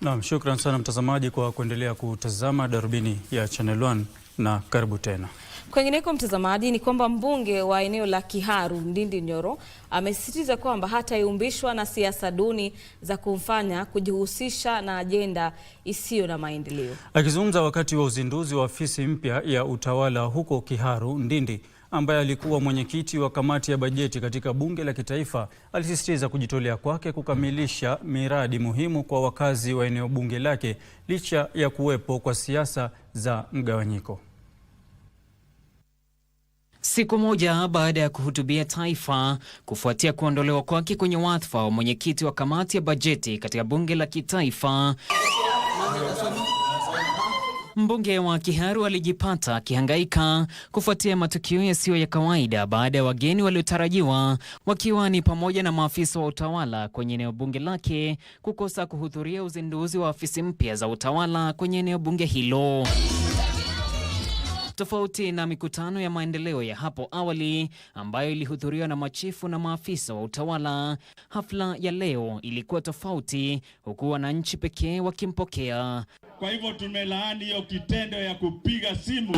Naam, shukran sana mtazamaji kwa kuendelea kutazama darubini ya Channel 1 na karibu tena. Kwengineko mtazamaji, ni kwamba mbunge wa eneo la Kiharu Ndindi Nyoro amesisitiza kwamba hatayumbishwa na siasa duni za kumfanya kujihusisha na ajenda isiyo na maendeleo. Akizungumza wakati wa uzinduzi wa afisi mpya ya utawala huko Kiharu Ndindi ambaye alikuwa mwenyekiti wa kamati ya bajeti katika bunge la kitaifa alisisitiza kujitolea kwake kukamilisha miradi muhimu kwa wakazi wa eneo bunge lake licha ya kuwepo kwa siasa za mgawanyiko. Siku moja baada ya kuhutubia taifa kufuatia kuondolewa kwake kwenye wadhifa wa mwenyekiti wa kamati ya bajeti katika bunge la kitaifa Mbunge wa Kiharu alijipata akihangaika kufuatia matukio yasiyo ya kawaida baada ya wageni waliotarajiwa wakiwa ni pamoja na maafisa wa utawala kwenye eneo bunge lake kukosa kuhudhuria uzinduzi wa afisi mpya za utawala kwenye eneo bunge hilo tofauti na mikutano ya maendeleo ya hapo awali ambayo ilihudhuriwa na machifu na maafisa wa utawala. Hafla ya leo ilikuwa tofauti, huku wananchi pekee wakimpokea. Kwa hivyo tumelaani hiyo kitendo ya kupiga simu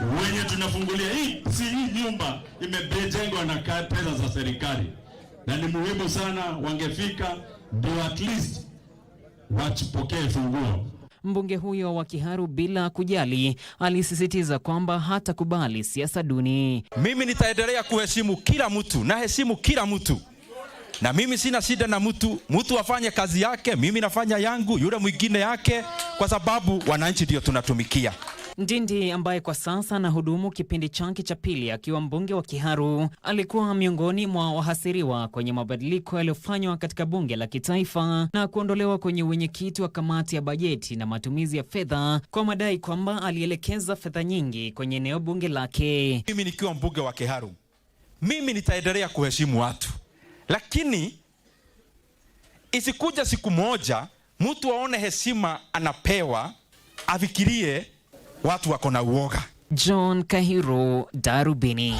wenye tunafungulia hii, si hii nyumba imejengwa na pesa za serikali, na ni muhimu sana wangefika, ndio at least wachipokee funguo mbunge huyo wa Kiharu bila kujali, alisisitiza kwamba hatakubali siasa duni. Mimi nitaendelea kuheshimu kila mtu, naheshimu kila mtu na mimi sina shida na mtu, mtu afanye kazi yake, mimi nafanya yangu, yule mwingine yake, kwa sababu wananchi ndio tunatumikia. Ndindi ambaye kwa sasa anahudumu kipindi chake cha pili akiwa mbunge wa Kiharu alikuwa miongoni mwa wahasiriwa kwenye mabadiliko yaliyofanywa katika bunge la kitaifa na kuondolewa kwenye wenyekiti wa kamati ya bajeti na matumizi ya fedha kwa madai kwamba alielekeza fedha nyingi kwenye eneo bunge lake. Mimi nikiwa mbunge wa Kiharu, mimi nitaendelea kuheshimu watu, lakini isikuja siku moja mtu aone heshima anapewa afikirie watu wako na uoga. John Kahiro, Darubini.